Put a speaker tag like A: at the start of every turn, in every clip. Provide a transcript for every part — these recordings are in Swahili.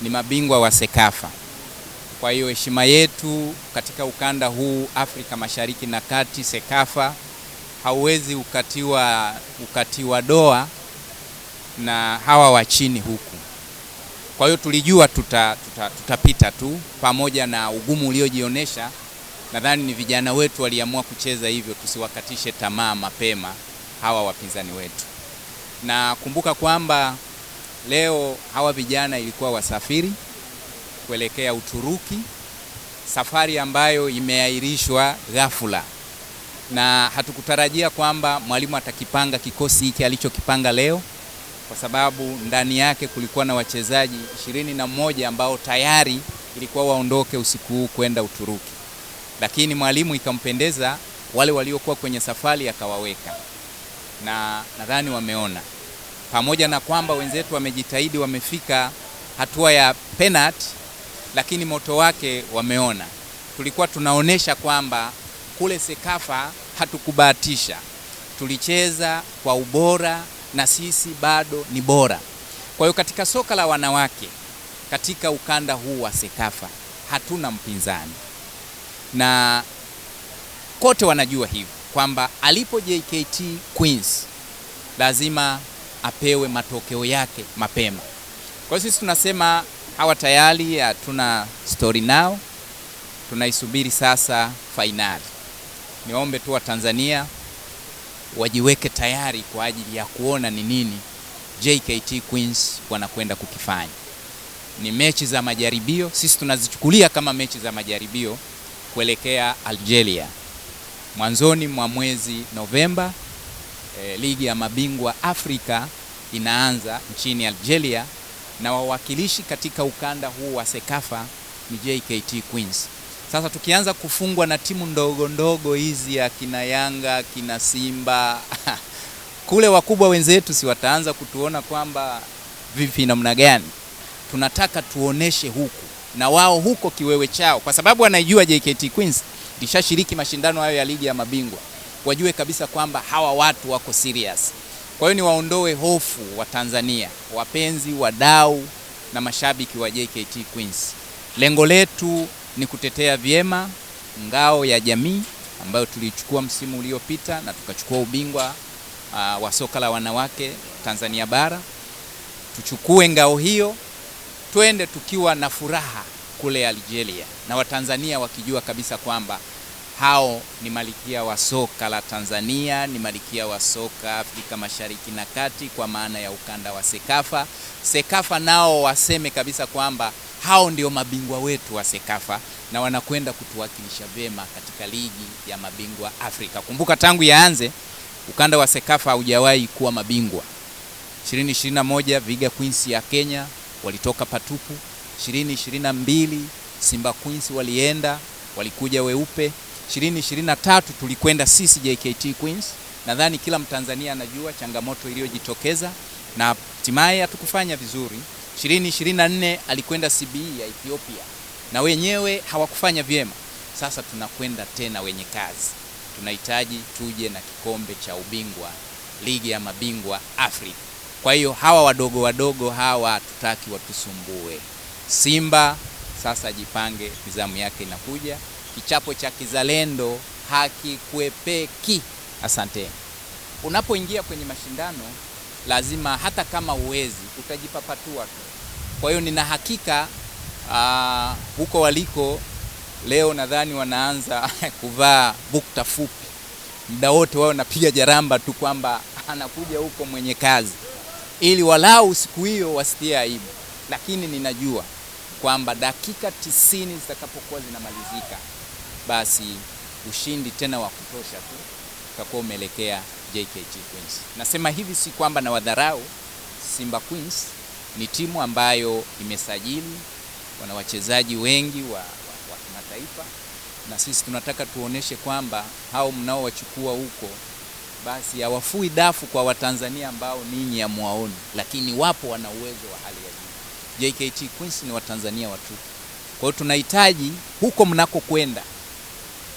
A: ni mabingwa wa Sekafa. Kwa hiyo heshima yetu katika ukanda huu Afrika Mashariki na Kati, Sekafa hauwezi ukatiwa, ukatiwa doa na hawa wa chini huku. Kwa hiyo tulijua tutapita tuta, tuta tu pamoja na ugumu uliojionyesha. Nadhani ni vijana wetu waliamua kucheza hivyo, tusiwakatishe tamaa mapema hawa wapinzani wetu, na kumbuka kwamba Leo hawa vijana ilikuwa wasafiri kuelekea Uturuki, safari ambayo imeahirishwa ghafula, na hatukutarajia kwamba mwalimu atakipanga kikosi hiki alichokipanga leo, kwa sababu ndani yake kulikuwa na wachezaji ishirini na moja ambao tayari ilikuwa waondoke usiku huu kwenda Uturuki, lakini mwalimu ikampendeza wale waliokuwa kwenye safari akawaweka, na nadhani wameona pamoja na kwamba wenzetu wamejitahidi, wamefika hatua ya penalti, lakini moto wake wameona. Tulikuwa tunaonesha kwamba kule Sekafa hatukubahatisha, tulicheza kwa ubora na sisi bado ni bora. Kwa hiyo katika soka la wanawake katika ukanda huu wa Sekafa hatuna mpinzani, na kote wanajua hivyo kwamba alipo JKT Queens lazima apewe matokeo yake mapema. Kwa hiyo sisi tunasema hawa tayari hatuna stori nao, tunaisubiri sasa fainali. niombe tu Watanzania wajiweke tayari kwa ajili ya kuona ni nini JKT Queens wanakwenda kukifanya. Ni mechi za majaribio, sisi tunazichukulia kama mechi za majaribio kuelekea Algeria mwanzoni mwa mwezi Novemba e, ligi ya mabingwa Afrika inaanza nchini Algeria na wawakilishi katika ukanda huu wa Sekafa ni JKT Queens. Sasa tukianza kufungwa na timu ndogo ndogo hizi ya kina Yanga, kina Simba kule wakubwa wenzetu, si wataanza kutuona kwamba vipi, namna gani? Tunataka tuoneshe huku na wao huko kiwewe chao, kwa sababu anaijua JKT Queens lishashiriki mashindano hayo ya ligi ya mabingwa wajue kabisa kwamba hawa watu wako serious. Kwa hiyo niwaondoe hofu wa Tanzania, wapenzi, wadau na mashabiki wa JKT Queens. Lengo letu ni kutetea vyema ngao ya jamii ambayo tulichukua msimu uliopita na tukachukua ubingwa uh, wa soka la wanawake Tanzania bara. Tuchukue ngao hiyo twende tukiwa na furaha kule Algeria na Watanzania wakijua kabisa kwamba hao ni malikia wa soka la Tanzania, ni malikia wa soka Afrika Mashariki na Kati kwa maana ya ukanda wa Sekafa. Sekafa nao waseme kabisa kwamba hao ndio mabingwa wetu wa Sekafa na wanakwenda kutuwakilisha vyema katika ligi ya mabingwa Afrika. Kumbuka tangu yaanze ukanda wa Sekafa haujawahi kuwa mabingwa. 2021 Viga Queens ya Kenya walitoka patupu. 2022 Simba Queens walienda walikuja weupe. 2023 tulikwenda sisi JKT Queens. Nadhani kila Mtanzania anajua changamoto iliyojitokeza na hatimaye hatukufanya vizuri. 2024 alikwenda CBE ya Ethiopia na wenyewe hawakufanya vyema. Sasa tunakwenda tena wenye kazi, tunahitaji tuje na kikombe cha ubingwa ligi ya mabingwa Afrika. Kwa hiyo hawa wadogo wadogo hawa hatutaki watusumbue. Simba sasa jipange, nizamu yake inakuja. Kichapo cha kizalendo hakikwepeki. Asante. Unapoingia kwenye mashindano, lazima hata kama uwezi, utajipapatua tu. Kwa hiyo nina hakika huko waliko leo, nadhani wanaanza kuvaa bukta fupi muda wote, wao napiga jaramba tu kwamba anakuja huko mwenye kazi, ili walau siku hiyo wasitie aibu. Lakini ninajua kwamba dakika tisini zitakapokuwa zinamalizika basi ushindi tena wa kutosha tu utakuwa umeelekea JKT Queens. Nasema hivi si kwamba na wadharau Simba Queens, ni timu ambayo imesajili, wana wachezaji wengi wa, wa, wa kimataifa, na sisi tunataka tuoneshe kwamba hao mnaowachukua huko basi hawafui dafu kwa Watanzania ambao ninyi hamwaoni, lakini wapo wana uwezo wa hali ya juu. JKT Queens ni Watanzania watu, Kwa hiyo tunahitaji huko mnakokwenda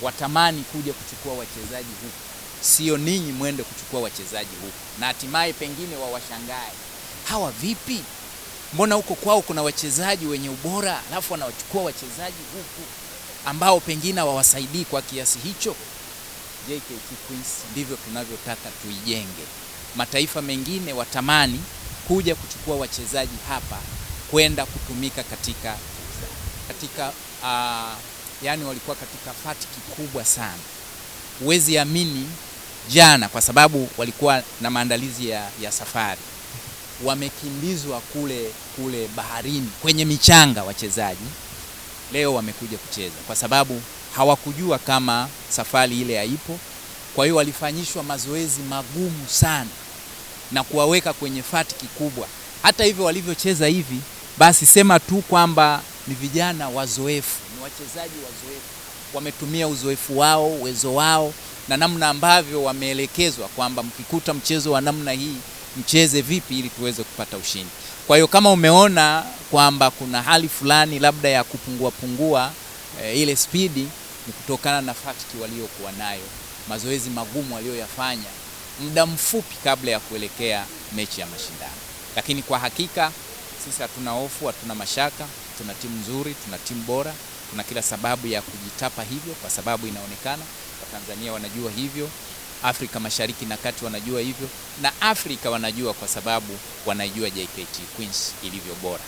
A: watamani kuja kuchukua wachezaji huku, sio ninyi mwende kuchukua wachezaji huku, na hatimaye pengine wawashangae hawa, vipi, mbona huko kwao kuna wachezaji wenye ubora alafu wanawachukua wachezaji huku ambao pengine hawawasaidii kwa kiasi hicho. JKT Queens ndivyo tunavyotaka tuijenge. Mataifa mengine watamani kuja kuchukua wachezaji hapa kwenda kutumika katika katika uh, yani walikuwa katika fati kikubwa sana, huwezi amini jana, kwa sababu walikuwa na maandalizi ya, ya safari. Wamekimbizwa kule kule baharini kwenye michanga wachezaji, leo wamekuja kucheza kwa sababu hawakujua kama safari ile haipo. Kwa hiyo walifanyishwa mazoezi magumu sana na kuwaweka kwenye fati kikubwa Hata hivyo walivyocheza hivi, basi sema tu kwamba ni vijana wazoefu ni wachezaji wazoefu, wametumia uzoefu wao, uwezo wao na namna ambavyo wameelekezwa kwamba mkikuta mchezo wa namna hii mcheze vipi ili tuweze kupata ushindi. Kwa hiyo kama umeona kwamba kuna hali fulani labda ya kupungua pungua e, ile spidi ni kutokana na fatiki waliokuwa nayo, mazoezi magumu waliyoyafanya muda mfupi kabla ya kuelekea mechi ya mashindano. Lakini kwa hakika sisi hatuna hofu, hatuna mashaka, tuna timu nzuri, tuna timu bora. Kuna kila sababu ya kujitapa hivyo, kwa sababu inaonekana Watanzania wanajua hivyo, Afrika Mashariki na Kati wanajua hivyo, na Afrika wanajua kwa sababu wanaijua JKT Queens ilivyo bora.